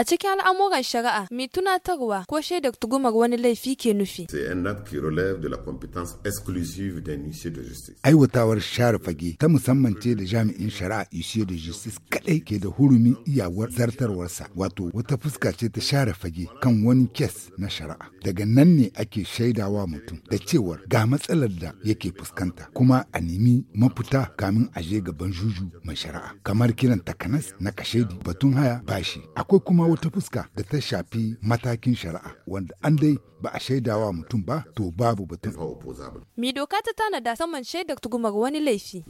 A cikin al'amuran shari'a, mai tunatarwa ko shaidar tugumar wani laifi ke nufi. la de de compétence exclusive justice. Aiwatawar share fage ta musamman ce da jami'in shari'a huissier de Justice kaɗai ke da hurumin iyawar zartarwarsa, wato wata fuska ce ta share fage kan wani kes na shari'a. Daga nan ne ake shaidawa mutum da cewar ga matsalar da yake fuskanta kuma a nemi mafita kamin a je gaban juju mai shari'a. Kamar kiran takanas na kashedi batun haya bashi. Akwai kuma wata fuska da ta shafi matakin shari'a wanda an dai ba a shaidawa mutum ba to babu batun. Mi doka ta tanada saman shaidar tugumar wani laifi?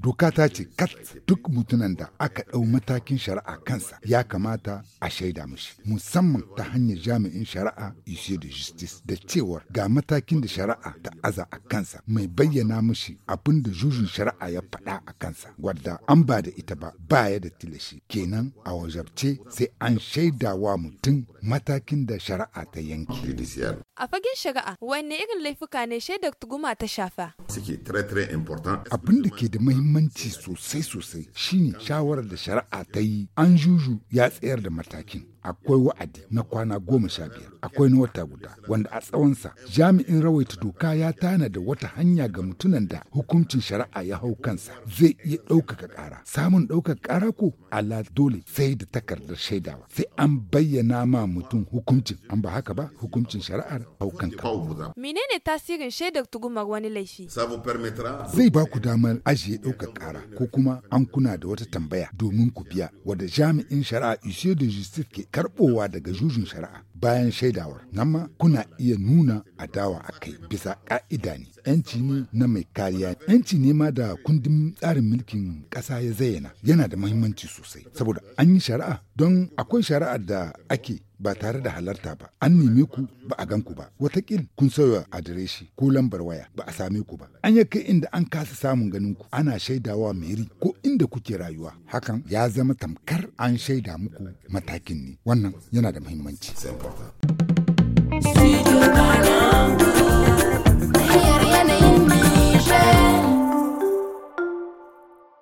Doka ta ce kat duk mutunan da aka ɗau matakin shari'a kansa ya kamata a shaida mashi musamman ta hanyar jami'in shari'a ishe da justice da cewar ga matakin da shari'a ta aza a kansa mai bayyana mashi abin da jujun shari'a ya faɗa a kansa wadda an ba da ita ba baya da tilashi kenan a wajabce sai an shaida wa mutum matakin da shari'a ta yanke. A fagen shari'a, wanne irin laifuka ne shaidar tuguma ta shafa? Abin da ke da mahimmanci sosai-sosai shine shawarar da shari'a ta yi an juju ya tsayar da matakin. akwai wa'adi na kwana goma sha biyar akwai na wata guda wanda a tsawonsa jami'in rawaita doka ya tana da wata hanya ga mutunan da hukuncin shari'a ya hau kansa zai iya ɗaukaka ƙara samun ɗaukaka ƙara ko ala dole sai da takardar shaidawa sai an bayyana ma mutum hukuncin an ba haka ba hukuncin shari'ar hau kanka. menene tasirin shaidar tugumar wani laifi. zai ba ku damar ajiye ɗaukaka ƙara ko kuma an kuna da wata tambaya domin ku biya wanda jami'in shari'a ishe da justice ke karɓowa daga jujin shari'a bayan shaidawar nan ma kuna iya nuna adawa a kai bisa ƙa'ida ne 'yanci ne na mai kariya. 'Yanci ne ma da kundin tsarin mulkin ƙasa ya zayyana yana da mahimmanci sosai. Saboda an yi shari'a don akwai shari'a da ake ba tare da halarta ba an neme ku ba a gan ku ba watakil kun sauya adireshi ko lambar waya ba a same ku ba an ya kai inda an kasa samun ganin ku ana shaidawa meri ko inda kuke rayuwa hakan ya zama tamkar an shaida muku matakin ne wannan yana da muhimmanci